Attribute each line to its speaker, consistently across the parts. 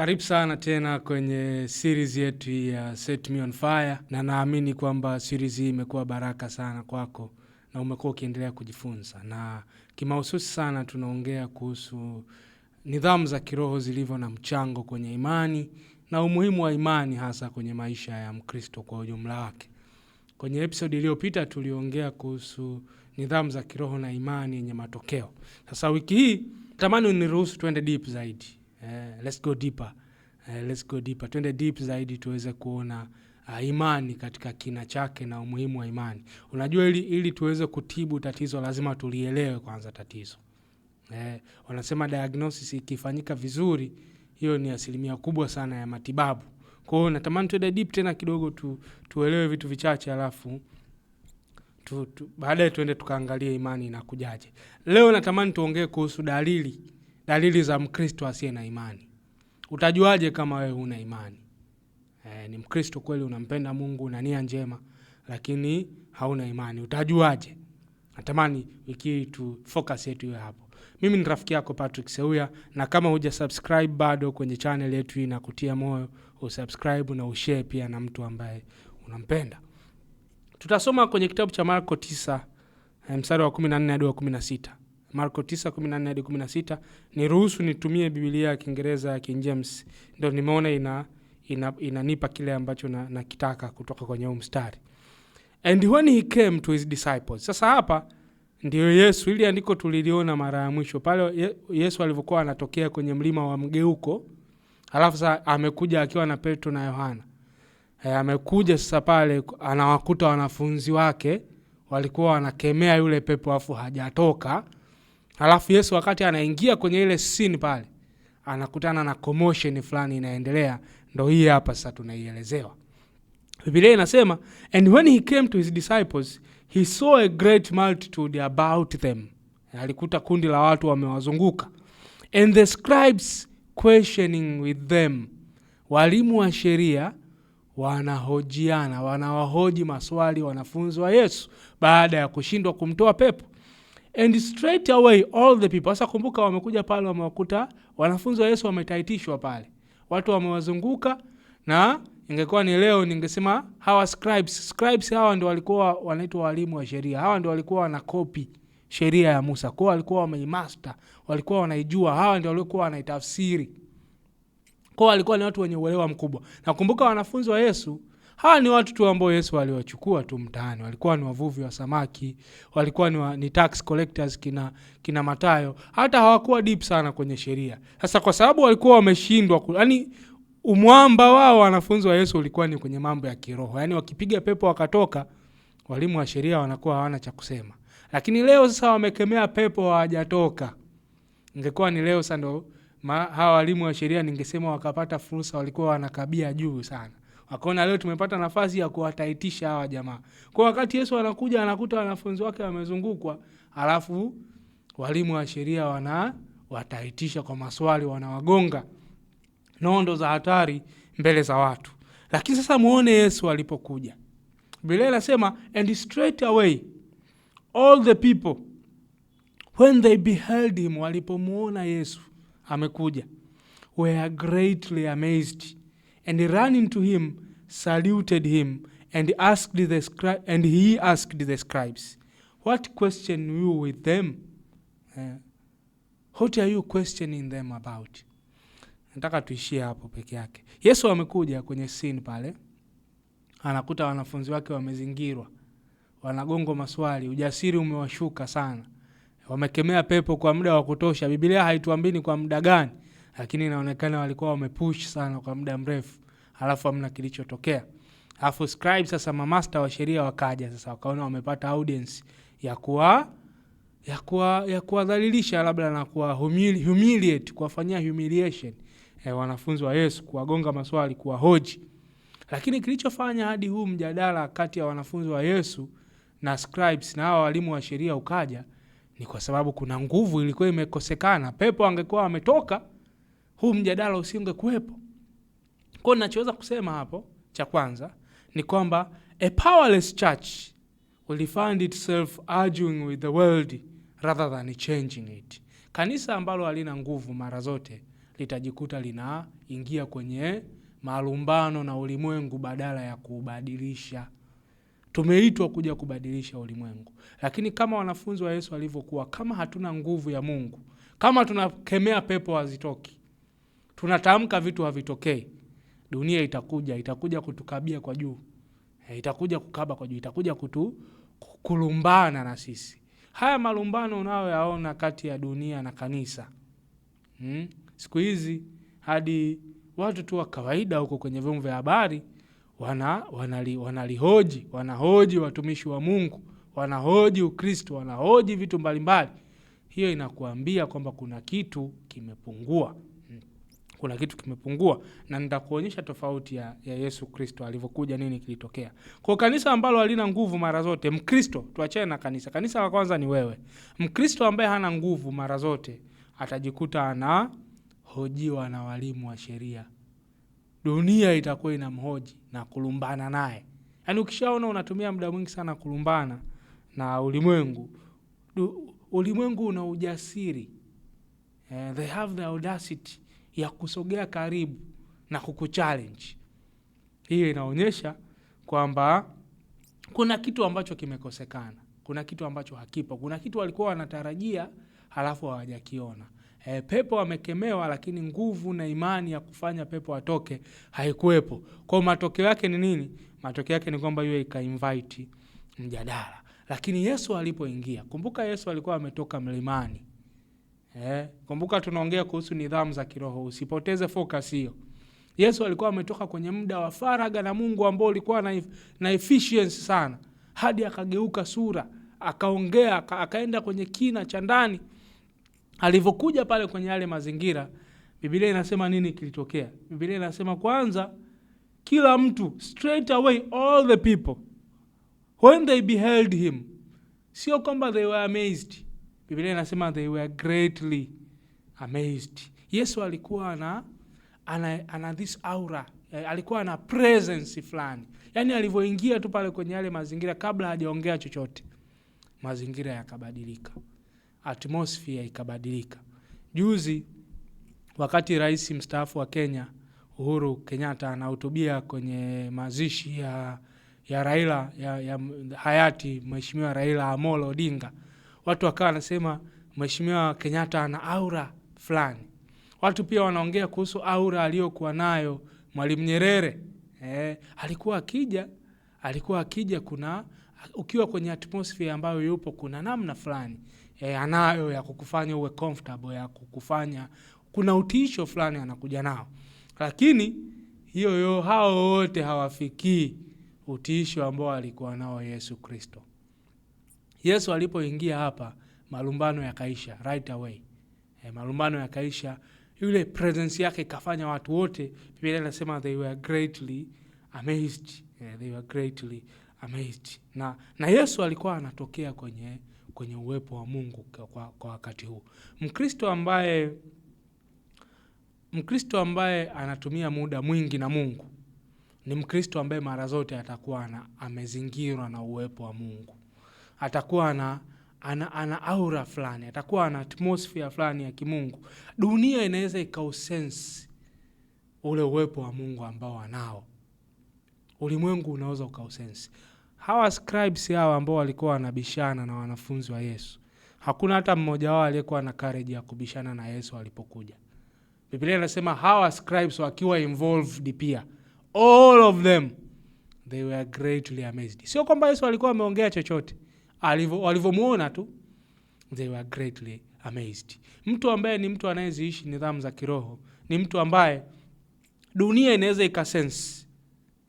Speaker 1: Karibu sana tena kwenye series yetu hii ya Set Me On Fire, na naamini kwamba series hii imekuwa baraka sana kwako na umekuwa ukiendelea kujifunza, na kimahususi sana tunaongea kuhusu nidhamu za kiroho zilivyo na mchango kwenye imani na umuhimu wa imani hasa kwenye maisha ya Mkristo kwa ujumla wake. Kwenye episodi iliyopita tuliongea kuhusu nidhamu za kiroho na imani yenye matokeo. Sasa wiki hii natamani uniruhusu tuende deep zaidi eh, let's go deeper. Eh, let's go deeper, twende deep zaidi tuweze kuona uh, imani katika kina chake na umuhimu wa imani. Unajua, ili, ili tuweze kutibu tatizo lazima tulielewe kwanza tatizo. Eh, wanasema diagnosis ikifanyika vizuri, hiyo ni asilimia kubwa sana ya matibabu. Kwa hiyo natamani tuende deep tena kidogo tu, tuelewe vitu vichache alafu baadaye tuende tukaangalie imani inakujaje. Leo natamani tuongee kuhusu dalili dalili za Mkristo asiye na imani. Utajuaje kama wewe una imani? E, ni Mkristo kweli, unampenda Mungu, una nia njema, lakini hauna imani, utajuaje? Natamani wiki hii tu focus yetu iwe hapo. Mimi ni rafiki yako Patrick Seuya, na kama huja subscribe bado kwenye channel yetu hii, na kutia moyo usubscribe na ushare pia na mtu ambaye unampenda. Tutasoma kwenye kitabu cha Marko 9 e, mstari wa 14 hadi wa 16. Marko 9:14 16 ni ruhusu nitumie Biblia ya Kiingereza ya King James, ndio nimeona ina inanipa ina kile ambacho na, na kitaka kutoka kwenye huu mstari. And when he came to his disciples. Sasa hapa ndio Yesu, ili andiko tuliliona mara ya mwisho pale Yesu alivyokuwa anatokea kwenye mlima wa mgeuko, alafu sasa amekuja akiwa na Petro na Yohana. E, amekuja sasa pale anawakuta wanafunzi wake walikuwa wanakemea yule pepo afu hajatoka Alafu Yesu wakati anaingia kwenye ile scene pale anakutana na commotion fulani inaendelea, ndo hii hapa sasa tunaielezewa. Biblia inasema and when he came to his disciples he saw a great multitude about them, alikuta kundi la watu wamewazunguka, and the scribes questioning with them, walimu wa sheria wanahojiana, wanawahoji maswali wanafunzi wa Yesu baada ya kushindwa kumtoa pepo and straight away all the people. Sasa kumbuka, wamekuja pale, wamewakuta wanafunzi wa Yesu wametaitishwa pale, watu wamewazunguka, na ingekuwa ni leo ningesema hawa scribes. Scribes hawa ndio walikuwa wanaitwa walimu wa sheria, hawa ndio walikuwa wanakopi sheria ya Musa, kwa walikuwa wameimaster, walikuwa wanaijua, hawa ndio walikuwa wanaitafsiri, kwa walikuwa ni watu wenye uelewa mkubwa. nakumbuka wanafunzi wa Yesu Hawa ni watu tu ambao Yesu aliwachukua tu mtaani, walikuwa ni wavuvi wa samaki, walikuwa ni, wa, ni tax collectors kina, kina Matayo, hata hawakuwa deep sana kwenye sheria. Sasa kwa sababu walikuwa wameshindwa, yaani umwamba wao wanafunzi wa Yesu ulikuwa ni kwenye mambo ya kiroho, yaani wakipiga pepo wakatoka, walimu wa sheria wanakuwa hawana cha kusema. Lakini leo sasa wamekemea pepo hawajatoka. Ingekuwa ni leo sasa ndo hawa walimu wa sheria ningesema wakapata fursa, walikuwa wanakabia juu sana akaona leo tumepata nafasi ya kuwataitisha hawa jamaa. Kwa wakati Yesu anakuja anakuta wanafunzi wake wamezungukwa, alafu walimu wa sheria wanawataitisha kwa maswali, wanawagonga. Nondo za hatari mbele za watu. Lakini sasa muone Yesu alipokuja. Biblia inasema and straight away all the people when they beheld him, walipomuona Yesu amekuja were greatly amazed and running to him saluted him and asked the scri- and he asked the scribes what question you with them uh, what are you questioning them about nataka tuishie hapo peke yake yesu amekuja kwenye sin pale anakuta wanafunzi wake wamezingirwa wanagongo maswali ujasiri umewashuka sana wamekemea pepo kwa muda wa kutosha bibilia haituambini kwa muda gani lakini inaonekana walikuwa wamepush sana kwa muda mrefu, alafu hamna kilichotokea. Alafu scribe sasa, mamasta wa sheria wakaja sasa, wakaona wamepata audience ya kuwa ya kuwa ya kuwadhalilisha labda na kuwa humili, humiliate kuwafanyia humiliation eh, wanafunzi wa Yesu, kuwagonga maswali, kuwahoji. Lakini kilichofanya hadi huu mjadala kati ya wanafunzi wa Yesu na scribes na hao walimu wa sheria ukaja ni kwa sababu kuna nguvu ilikuwa imekosekana. Pepo angekuwa ametoka huu mjadala usingekuwepo. Kwa hiyo nachoweza kusema hapo cha kwanza ni kwamba a powerless church will find itself arguing with the world rather than changing it. Kanisa ambalo halina nguvu mara zote litajikuta linaingia kwenye malumbano na ulimwengu badala ya kubadilisha. Tumeitwa kuja kubadilisha ulimwengu, lakini kama wanafunzi wa Yesu walivyokuwa, kama hatuna nguvu ya Mungu, kama tunakemea pepo hazitoki, tunatamka vitu havitokei. Dunia itakuja, itakuja kutukabia kwa juu, eh, itakuja kukaba kwa juu, itakuja kutu kulumbana na sisi. Haya malumbano unayoyaona kati ya dunia na kanisa hmm? Siku hizi hadi watu tu wa kawaida huko kwenye vyombo vya habari wana wanali, wanalihoji wanahoji watumishi wa Mungu, wanahoji Ukristo, wanahoji vitu mbalimbali. Hiyo inakuambia kwamba kuna kitu kimepungua kuna kitu kimepungua, na nitakuonyesha tofauti ya, ya Yesu Kristo alivyokuja, nini kilitokea. Kwa kanisa ambalo halina nguvu mara zote, Mkristo tuachane na kanisa, kanisa la kwanza ni wewe. Mkristo ambaye hana nguvu mara zote atajikuta anahojiwa na walimu wa sheria, dunia itakuwa inamhoji na kulumbana naye. Yaani ukishaona unatumia muda mwingi sana kulumbana na ulimwengu, ulimwengu una ujasiri, eh, they have the audacity ya kusogea karibu na kukuchallenge. Hiyo inaonyesha kwamba kuna kitu ambacho kimekosekana, kuna kitu ambacho hakipo, kuna kitu walikuwa wanatarajia halafu hawajakiona. E, pepo amekemewa, lakini nguvu na imani ya kufanya pepo atoke haikuwepo. Kwa matokeo yake ni nini? Matokeo yake ni kwamba yeye ikainvite mjadala, lakini Yesu alipoingia, kumbuka Yesu alikuwa ametoka mlimani Eh, kumbuka tunaongea kuhusu nidhamu za kiroho, usipoteze focus hiyo. Yesu alikuwa ametoka kwenye muda wa faraga na Mungu ambao ulikuwa na, na efficiency sana hadi akageuka sura akaongea aka, akaenda kwenye kina cha ndani. Alivyokuja pale kwenye yale mazingira, Biblia inasema nini kilitokea? Biblia inasema kwanza, kila mtu straight away, all the people when they beheld him, sio kwamba they were amazed Biblia inasema they were greatly amazed. Yesu alikuwa na ana, ana this aura eh, alikuwa na presence fulani, yaani alivyoingia tu pale kwenye yale mazingira, kabla hajaongea chochote, mazingira yakabadilika, atmosphere ikabadilika. Juzi wakati rais mstaafu wa Kenya Uhuru Kenyatta anahutubia kwenye mazishi ya, ya Raila ya, ya hayati Mheshimiwa Raila Amolo Odinga watu wakawa wanasema Mheshimiwa Kenyatta ana aura fulani. Watu pia wanaongea kuhusu aura aliyokuwa nayo Mwalimu Nyerere. E, alikuwa akija alikuwa akija, kuna ukiwa kwenye atmosphere ambayo yupo, kuna namna fulani e, anayo ya kukufanya uwe comfortable, ya kukufanya kuna utisho fulani anakuja nao, lakini hiyo hao wote hawafikii utisho ambao alikuwa nao Yesu Kristo. Yesu alipoingia hapa, malumbano yakaisha right away. E, malumbano yakaisha, yule presence yake ikafanya watu wote, Biblia inasema they were greatly amazed. E, they were greatly amazed. Na, na Yesu alikuwa anatokea kwenye, kwenye uwepo wa Mungu kwa, kwa wakati huu. Mkristo ambaye Mkristo ambaye anatumia muda mwingi na Mungu ni Mkristo ambaye mara zote atakuwa amezingirwa na uwepo wa Mungu atakuwa ana, ana, ana aura fulani, atakuwa ana atmosphere fulani ya kimungu. Dunia inaweza ikausensi ule uwepo wa Mungu ambao anao, ulimwengu unaweza ukausensi. Hawa scribes hawa ambao walikuwa wanabishana na wanafunzi wa Yesu, hakuna hata mmoja wao aliyekuwa na courage ya kubishana na Yesu alipokuja. Biblia inasema hawa scribes wakiwa involved pia, all of them they were greatly amazed. Sio kwamba Yesu alikuwa ameongea chochote walivyomwona tu they were greatly amazed. Mtu ambaye ni mtu anayeziishi nidhamu za kiroho ni mtu ambaye dunia inaweza ikasense.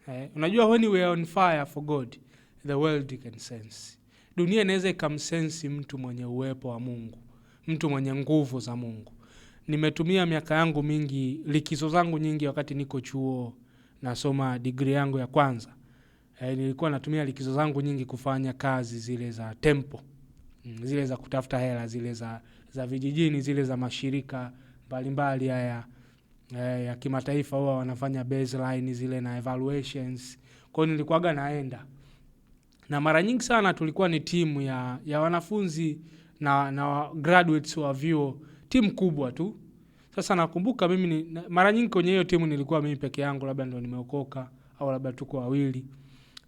Speaker 1: Eh, unajua when we are on fire for God the world can sense. Dunia inaweza ikamsensi mtu mwenye uwepo wa Mungu, mtu mwenye nguvu za Mungu. Nimetumia miaka yangu mingi, likizo zangu nyingi, wakati niko chuo nasoma digri yangu ya kwanza eh, nilikuwa natumia likizo zangu nyingi kufanya kazi zile za tempo mm, zile za kutafuta hela zile za, za vijijini zile za mashirika mbalimbali haya eh, ya kimataifa huwa wanafanya baseline zile na evaluations. kwao nilikuwaga naenda na mara nyingi sana tulikuwa ni timu ya, ya wanafunzi na, na graduates wa vyuo, timu kubwa tu. Sasa nakumbuka mimi ni, mara nyingi kwenye hiyo timu nilikuwa mimi peke yangu, labda ndo nimeokoka au labda tuko wawili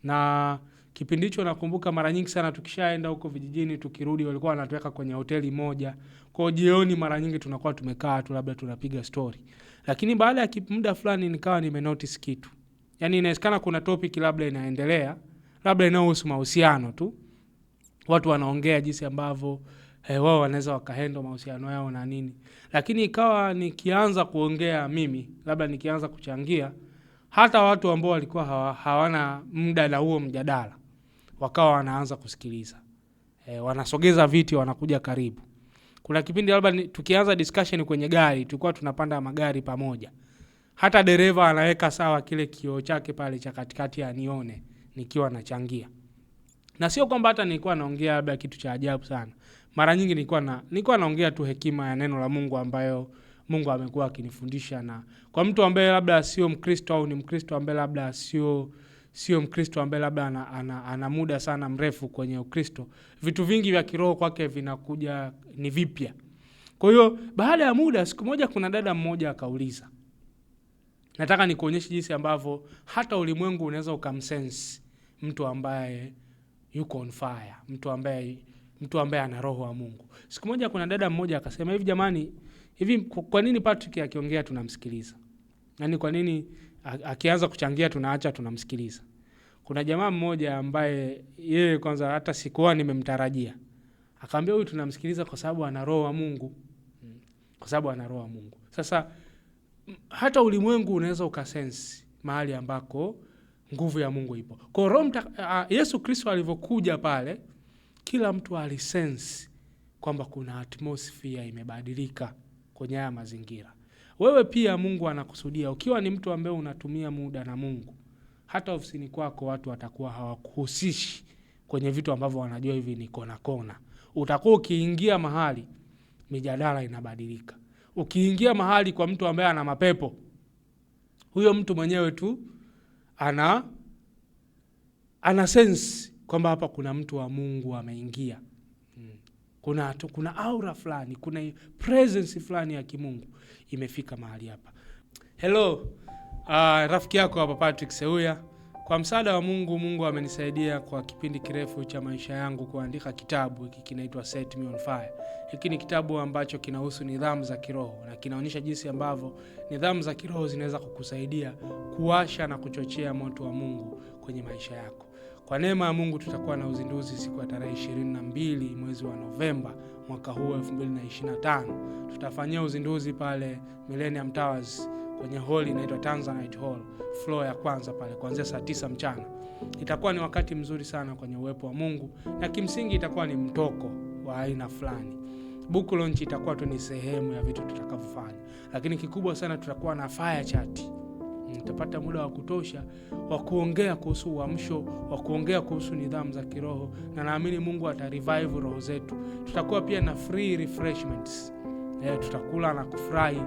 Speaker 1: na kipindi hicho nakumbuka mara nyingi sana tukishaenda huko vijijini, tukirudi walikuwa wanatuweka kwenye hoteli moja kwao. Jioni mara nyingi tunakuwa tumekaa tu, labda tunapiga stori, lakini baada ya muda fulani nikawa nimenotis kitu, yaani inawezekana kuna topic labda inaendelea, labda inayohusu mahusiano tu, watu wanaongea jinsi ambavyo Hey, eh, wao wanaweza wakahendo mahusiano yao na nini, lakini ikawa nikianza kuongea mimi, labda nikianza kuchangia hata watu ambao walikuwa hawa, hawana muda na huo mjadala wakawa wanaanza kusikiliza e, wanasogeza viti wanakuja karibu. Kuna kipindi labda tukianza discussion kwenye gari, tulikuwa tunapanda magari pamoja, hata dereva anaweka sawa kile kioo chake pale cha katikati anione nikiwa nachangia, na sio kwamba hata nilikuwa naongea labda kitu cha ajabu sana. Mara nyingi nilikuwa na nilikuwa naongea tu hekima ya neno la Mungu ambayo Mungu amekuwa akinifundisha, na kwa mtu ambaye labda sio Mkristo au ni Mkristo ambaye labda sio sio Mkristo ambaye labda ana, ana, ana muda sana mrefu kwenye Ukristo, vitu vingi vya kiroho kwake vinakuja ni vipya. Kwa hiyo baada ya muda, siku moja, kuna dada mmoja akauliza, nataka nikuonyeshe jinsi ambavyo hata ulimwengu unaweza ukamsense mtu ambaye yuko on fire, mtu ambaye mtu ambaye ana roho wa Mungu. Siku moja kuna dada mmoja akasema hivi, jamani, Hivi kwa nini Patrick akiongea tunamsikiliza? Yaani kwa nini akianza kuchangia tunaacha tunamsikiliza? Kuna jamaa mmoja ambaye yeye kwanza hata sikuwa nimemtarajia. Akaambia huyu tunamsikiliza kwa sababu ana roho wa Mungu. Mm. Kwa sababu ana roho wa Mungu. Sasa hata ulimwengu unaweza ukasense mahali ambako nguvu ya Mungu ipo. Kwa roho Yesu Kristo alivyokuja pale kila mtu alisense kwamba kuna atmosphere imebadilika kwenye haya mazingira. Wewe pia Mungu anakusudia ukiwa ni mtu ambaye unatumia muda na Mungu, hata ofisini kwako watu watakuwa hawakuhusishi kwenye vitu ambavyo wanajua hivi ni kona kona. Utakuwa ukiingia mahali mijadala inabadilika, ukiingia mahali kwa mtu ambaye ana mapepo, huyo mtu mwenyewe tu ana ana sense kwamba hapa kuna mtu wa Mungu ameingia kuna, kuna aura fulani, kuna presence fulani ya kimungu imefika mahali hapa. Hello, uh, rafiki yako hapa Patrick Seuya. Kwa msaada wa Mungu, Mungu amenisaidia kwa kipindi kirefu cha maisha yangu kuandika kitabu hiki, kinaitwa Set Me on Fire. Hiki ni kitabu ambacho kinahusu nidhamu za kiroho na kinaonyesha jinsi ambavyo nidhamu za kiroho zinaweza kukusaidia kuwasha na kuchochea moto wa Mungu kwenye maisha yako. Kwa neema ya Mungu tutakuwa na uzinduzi siku ya tarehe 22 mwezi wa Novemba mwaka huu 2025. Tutafanyia uzinduzi pale Millennium Towers kwenye hall inaitwa Tanzanite Hall, floor ya kwanza pale kuanzia saa tisa mchana. Itakuwa ni wakati mzuri sana kwenye uwepo wa Mungu na kimsingi itakuwa ni mtoko wa aina fulani. Book launch itakuwa tu ni sehemu ya vitu tutakavyofanya, lakini kikubwa sana tutakuwa na fire chat tutapata muda wa kutosha wa kuongea kuhusu uamsho, wa kuongea kuhusu nidhamu za kiroho, na naamini Mungu atarevive roho zetu. Tutakuwa pia na free refreshments eh, tutakula na kufurahi,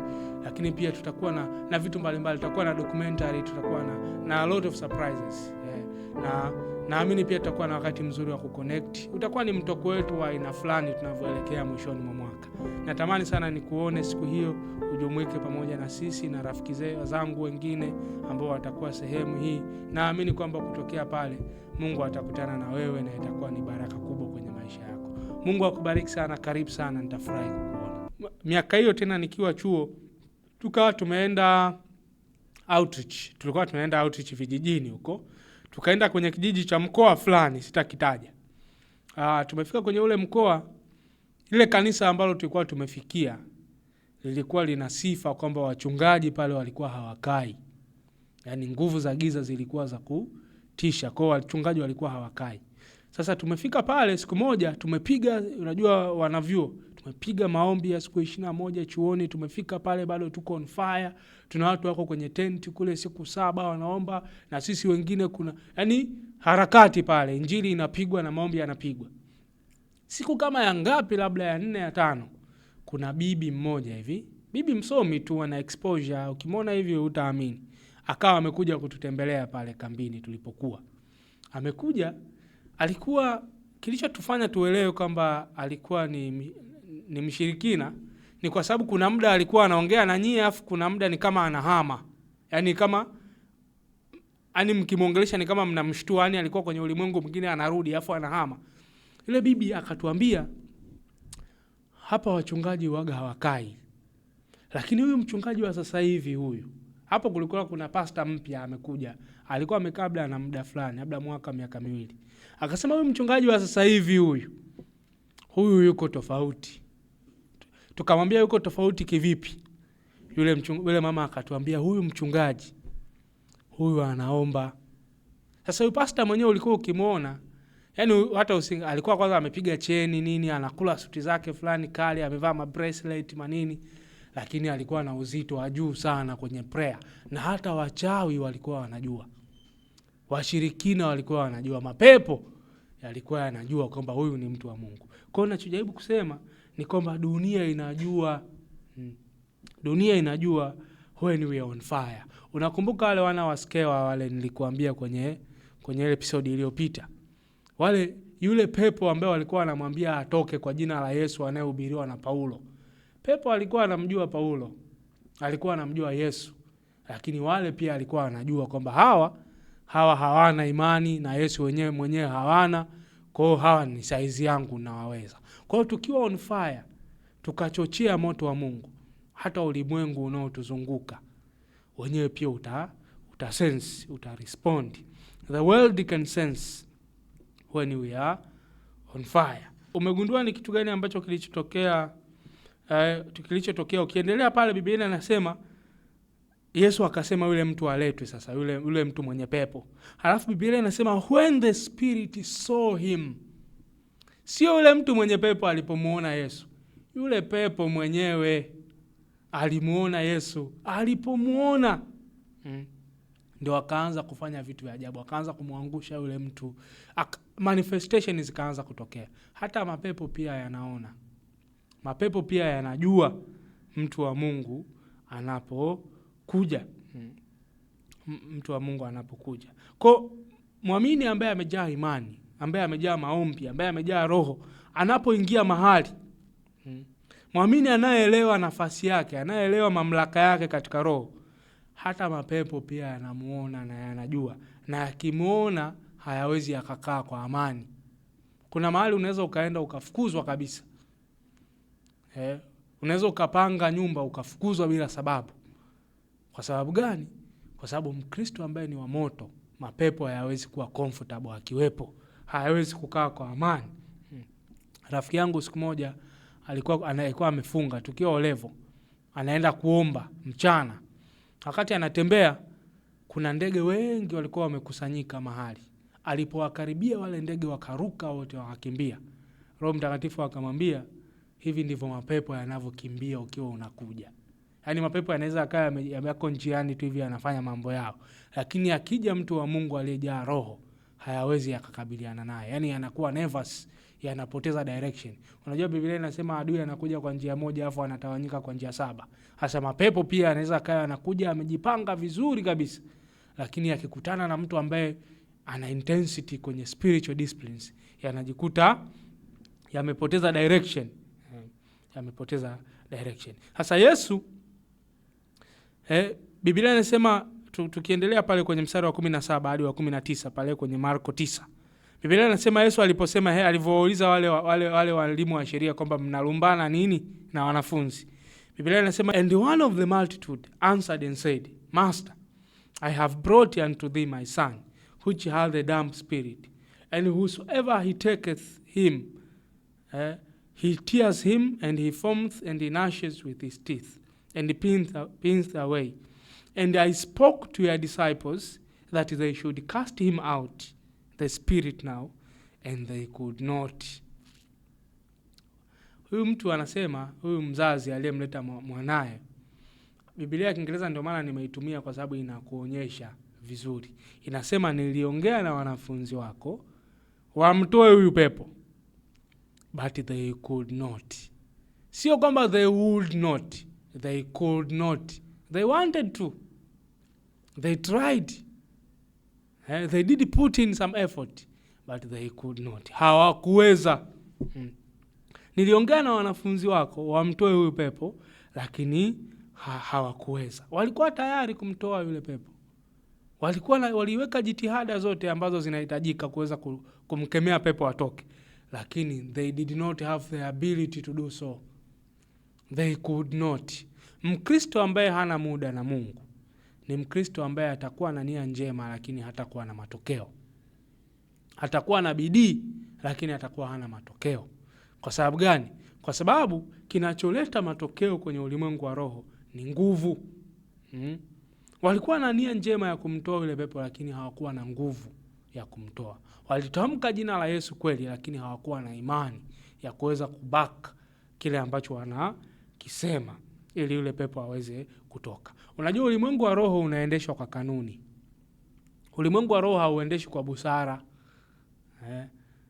Speaker 1: lakini pia tutakuwa na, na vitu mbalimbali Tutakuwa na documentary, tutakuwa na, na a lot of surprises eh, na Naamini pia tutakuwa na wakati mzuri wa kuconnect. Utakuwa ni mtoko wetu wa aina fulani tunavyoelekea mwishoni mwa mwaka. Natamani sana nikuone siku hiyo, ujumuike pamoja na sisi na rafiki zangu wengine ambao watakuwa sehemu hii. Naamini kwamba kutokea pale Mungu atakutana na wewe na itakuwa ni baraka kubwa kwenye maisha yako. Mungu akubariki sana, karibu sana, nitafurahi kukuona. Miaka hiyo tena nikiwa chuo tukawa tumeenda outreach, tulikuwa tunaenda outreach vijijini huko tukaenda kwenye kijiji cha mkoa fulani sitakitaja. Ah, tumefika kwenye ule mkoa, ile kanisa ambalo tulikuwa tumefikia lilikuwa lina sifa kwamba wachungaji pale walikuwa hawakai, yaani nguvu za giza zilikuwa za kutisha, kwao wachungaji walikuwa hawakai. Sasa tumefika pale siku moja, tumepiga unajua, wanavyuo tumepiga maombi ya siku ishirini moja chuoni, tumefika pale bado tuko on fire. Tuna watu wako kwenye tent kule siku saba wanaomba na sisi wengine, kuna yani harakati pale, injili inapigwa na maombi yanapigwa. Siku kama ya ngapi, labda ya nne ya tano, kuna bibi mmoja hivi, bibi msomi tu, ana exposure, ukimwona hivi utaamini, akawa amekuja kututembelea pale kambini tulipokuwa. Amekuja alikuwa kilichotufanya tuelewe kwamba alikuwa ni ni mshirikina ni kwa sababu kuna muda alikuwa anaongea na nyie, afu kuna muda ni kama anahama, yani kama ani mkimwongelesha ni kama mnamshtua, yani alikuwa kwenye ulimwengu mwingine anarudi, afu anahama. ile bibi akatuambia hapa wachungaji waga hawakai, lakini huyu mchungaji wa sasa hivi huyu hapo, kulikuwa kuna pasta mpya amekuja, alikuwa amekaa labda na muda fulani, labda mwaka miaka miwili, akasema huyu mchungaji wa sasa hivi huyu huyu yuko tofauti Tukamwambia yuko tofauti kivipi? Yule, mchung, yule mama akatuambia huyu mchungaji huyu anaomba. Sasa huyu pasta mwenyewe ulikuwa ukimwona, yani hata alikuwa kwanza amepiga cheni nini, anakula suti zake fulani kali, amevaa ma manini, lakini alikuwa na uzito wa juu sana kwenye prayer, na hata wachawi walikuwa wanajua, washirikina walikuwa wanajua, mapepo alikuwa anajua kwamba huyu ni mtu wa Mungu. Kwa hiyo nachojaribu kusema ni kwamba dunia inajua hmm, dunia inajua when we are on fire. Unakumbuka wale wana wa Skewa wale nilikuambia kwenye kwenye ile episode iliyopita, wale yule pepo ambaye walikuwa anamwambia atoke kwa jina la Yesu anayehubiriwa na Paulo. Pepo alikuwa anamjua Paulo, alikuwa anamjua Yesu, lakini wale pia alikuwa anajua kwamba hawa hawa hawana imani na Yesu wenyewe mwenyewe hawana, kwa hiyo hawa ni saizi yangu nawaweza. Kwa hiyo tukiwa on fire, tukachochea moto wa Mungu, hata ulimwengu unaotuzunguka wenyewe pia uta, uta sense, uta respond. The world can sense when we are on fire. Umegundua ni kitu gani ambacho kilichotokea, eh, kilichotokea ukiendelea pale Biblia inasema Yesu akasema yule mtu aletwe sasa, yule, yule mtu mwenye pepo. Halafu Biblia inasema when the spirit saw him, sio yule mtu mwenye pepo alipomuona Yesu, yule pepo mwenyewe alimuona Yesu alipomuona hmm. Ndio akaanza kufanya vitu vya ajabu, akaanza kumwangusha yule mtu Ak manifestation zikaanza kutokea. Hata mapepo pia yanaona, mapepo pia yanajua mtu wa Mungu anapo kuja hmm. mtu wa Mungu anapokuja. Kwa mwamini ambaye amejaa imani, ambaye amejaa maombi, ambaye amejaa roho, anapoingia mahali, hmm. mwamini anayeelewa nafasi yake, anayeelewa mamlaka yake katika roho, hata mapepo pia yanamuona na yanajua, na yakimwona hayawezi yakakaa kwa amani. Kuna mahali unaweza ukaenda ukafukuzwa kabisa eh, unaweza ukapanga nyumba ukafukuzwa bila sababu kwa sababu gani? Kwa sababu Mkristo ambaye ni wa moto, mapepo hayawezi kuwa comfortable akiwepo, hayawezi kukaa kwa amani. Hmm. Rafiki yangu siku moja alikuwa alikuwa amefunga, tukiwa olevo, anaenda kuomba mchana, wakati anatembea kuna ndege wengi walikuwa wamekusanyika mahali. Alipowakaribia wale ndege wakaruka wote, wakakimbia. Roho Mtakatifu akamwambia, hivi ndivyo mapepo yanavyokimbia ukiwa unakuja. Yani mapepo yanaweza akawa yako njiani tu hivi yanafanya mambo yao, lakini akija mtu wa Mungu aliyejaa Roho hayawezi yakakabiliana naye, yani yanakuwa nervous, yanapoteza direction. Unajua Biblia inasema adui anakuja kwa njia moja alafu anatawanyika kwa njia saba. Hasa mapepo pia anaweza akawa anakuja amejipanga vizuri kabisa, lakini akikutana na mtu ambaye ana intensity kwenye spiritual disciplines yanajikuta yamepoteza direction, hmm, yamepoteza direction. Hasa Yesu Eh, Biblia inasema tukiendelea pale kwenye mstari wa 17 hadi wa 19 pale kwenye Marko 9. Biblia inasema Yesu aliposema he alivyouliza wale wale wale walimu wa sheria kwamba mnalumbana nini na wanafunzi. Biblia inasema and one of the multitude answered and said, Master, I have brought unto thee my son, which hath a dumb spirit, and whosoever he taketh him, eh, he tears him, and he foams and he gnashes with his teeth and pinch away. And I spoke to your disciples that they should cast him out, the spirit now, and they could not. Huyu mtu anasema, huyu mzazi aliyemleta mwanaye. Biblia ya Kiingereza ndio maana nimeitumia kwa sababu inakuonyesha vizuri. Inasema niliongea na wanafunzi wako wamtoe huyu pepo, but they could not. Sio kwamba they would not They could not. They wanted to. They tried. uh, they did put in some effort but they could not. Hawakuweza. Hmm. Niliongea na wanafunzi wako wamtoe huyu pepo lakini ha hawakuweza. Walikuwa tayari kumtoa yule pepo. Walikuwa na, waliweka jitihada zote ambazo zinahitajika kuweza kumkemea pepo atoke, lakini they did not have the ability to do so. They could not. Mkristo ambaye hana muda na Mungu ni Mkristo ambaye atakuwa na nia njema, lakini hatakuwa na matokeo. Atakuwa na bidii, lakini atakuwa hana matokeo. Kwa sababu gani? Kwa sababu kinacholeta matokeo kwenye ulimwengu wa roho ni nguvu hmm? Walikuwa na nia njema ya kumtoa yule pepo, lakini hawakuwa na nguvu ya kumtoa. Walitamka jina la Yesu kweli, lakini hawakuwa na imani ya kuweza kubaka kile ambacho wana anakisema ili yule pepo aweze kutoka. Unajua, ulimwengu wa roho unaendeshwa kwa kanuni. Ulimwengu wa roho hauendeshwi kwa busara eh.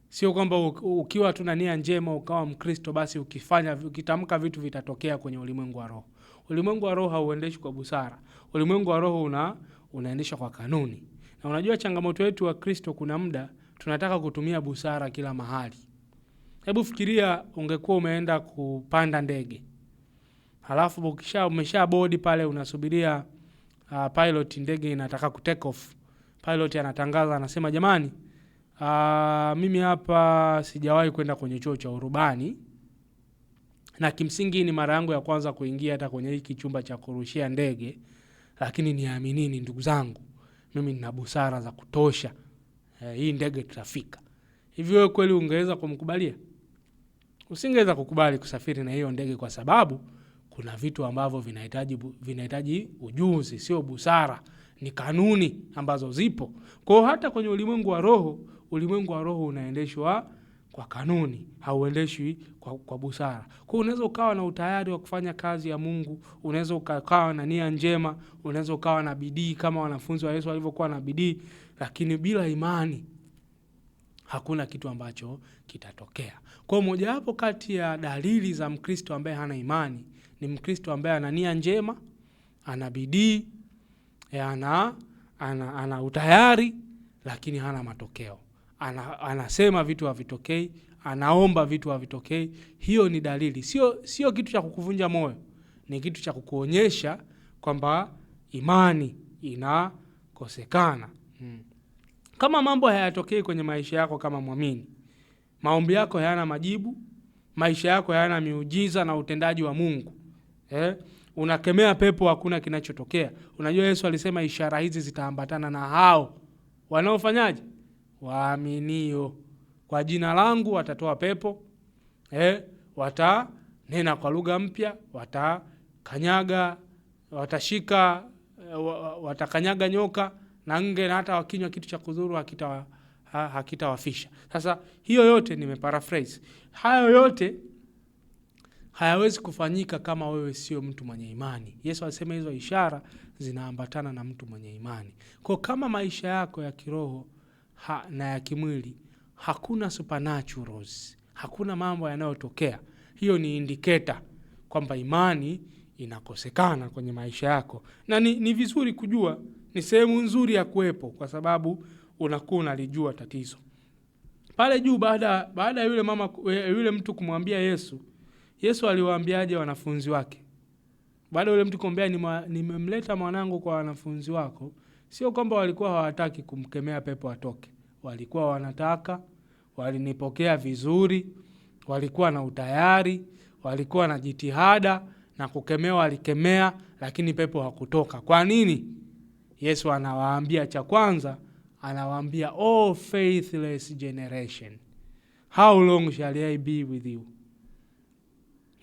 Speaker 1: Sio kwamba ukiwa tu na nia njema ukawa Mkristo basi ukifanya ukitamka vitu vitatokea kwenye ulimwengu wa roho. Ulimwengu wa roho hauendeshwi kwa busara. Ulimwengu wa roho una unaendeshwa kwa kanuni, na unajua changamoto yetu wa Kristo, kuna muda tunataka kutumia busara kila mahali. Hebu fikiria, ungekuwa umeenda kupanda ndege Halafu ukisha umesha board pale unasubiria uh, pilot, ndege inataka ku take off. Pilot anatangaza anasema, jamani uh, mimi hapa sijawahi kwenda kwenye chuo cha urubani na kimsingi ni mara yangu ya kwanza kuingia hata kwenye hiki chumba cha kurushia ndege, lakini niaminini ndugu zangu, mimi nina busara za kutosha eh, hii ndege tutafika. Hivi wewe kweli ungeweza kumkubalia? Usingeweza kukubali kusafiri na hiyo ndege kwa sababu kuna vitu ambavyo vinahitaji vinahitaji ujuzi, sio busara, ni kanuni ambazo zipo. Kwa hiyo hata kwenye ulimwengu wa roho, ulimwengu wa roho unaendeshwa kwa kanuni, hauendeshwi kwa, kwa busara. Kwa hiyo unaweza ukawa na utayari wa kufanya kazi ya Mungu, unaweza ukawa na nia njema, unaweza ukawa na bidii kama wanafunzi wa Yesu walivyokuwa na bidii, lakini bila imani hakuna kitu ambacho kitatokea. Kwa hiyo mojawapo kati ya dalili za Mkristo ambaye hana imani ni Mkristo ambaye ana nia njema, ana bidii, eh, ana, ana, ana utayari, lakini hana matokeo. Ana, anasema vitu havitokei, anaomba vitu havitokei. Hiyo ni dalili, sio, sio kitu cha kukuvunja moyo, ni kitu cha kukuonyesha kwamba imani inakosekana. hmm. Kama mambo hayatokei kwenye maisha yako kama mwamini, maombi yako hayana majibu, maisha yako hayana miujiza na utendaji wa Mungu, eh? Unakemea pepo, hakuna kinachotokea. Unajua Yesu alisema ishara hizi zitaambatana na hao wanaofanyaje? Waaminio. Kwa jina langu watatoa pepo eh? Watanena kwa lugha mpya, watakanyaga, watashika, eh, watakanyaga nyoka na nge, na hata wakinywa kitu cha kudhuru hakitawafisha. Sasa hiyo yote nimeparaphrase, hayo yote hayawezi kufanyika kama wewe sio mtu mwenye imani. Yesu alisema hizo ishara zinaambatana na mtu mwenye imani. Kwa kama maisha yako ya kiroho ha, na ya kimwili hakuna supernaturals, hakuna mambo yanayotokea, hiyo ni indiketa kwamba imani inakosekana kwenye maisha yako, na ni, ni vizuri kujua, ni sehemu nzuri ya kuwepo, kwa sababu unakuwa unalijua tatizo pale juu. Baada baada ya yule mama eh, yule mtu kumwambia Yesu Yesu aliwaambiaje wanafunzi wake? Baada yule mtu kumwambia nimemleta mwanangu kwa wanafunzi wako, sio kwamba walikuwa hawataki kumkemea pepo atoke, walikuwa wanataka, walinipokea vizuri, walikuwa na utayari, walikuwa na jitihada na kukemewa walikemea, lakini pepo hakutoka. Kwa nini? Yesu anawaambia, cha kwanza anawaambia, oh faithless generation how long shall I be with you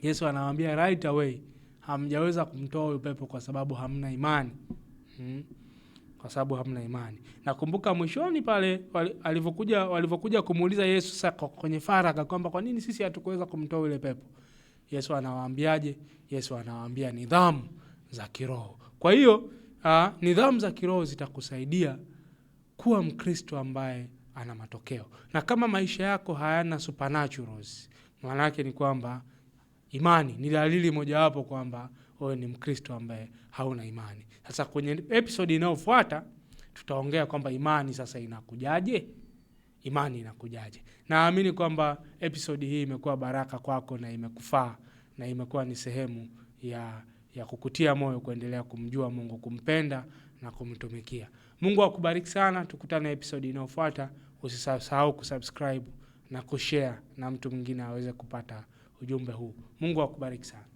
Speaker 1: Yesu anawaambia right away, hamjaweza kumtoa huyu pepo kwa sababu hamna imani hmm. Kwa sababu hamna imani. Nakumbuka mwishoni pale walivyokuja walivyokuja kumuuliza Yesu sako kwenye faragha kwamba kwa nini sisi hatukuweza kumtoa yule pepo. Yesu anawaambiaje? Yesu anawaambia nidhamu za kiroho. Kwa hiyo nidhamu za kiroho zitakusaidia kuwa Mkristo ambaye ana matokeo, na kama maisha yako hayana supernaturals, maana yake ni kwamba imani ni dalili mojawapo kwamba wewe ni Mkristo ambaye hauna imani. Sasa kwenye episodi inayofuata tutaongea kwamba imani sasa inakujaje, imani inakujaje. Naamini kwamba episodi hii imekuwa baraka kwako na imekufaa na imekuwa ni sehemu ya, ya kukutia moyo kuendelea kumjua Mungu, kumpenda na kumtumikia Mungu. Akubariki sana, tukutane episodi inayofuata. Usisahau kusubscribe na kushare na mtu mwingine aweze kupata ujumbe huu. Mungu akubariki sana.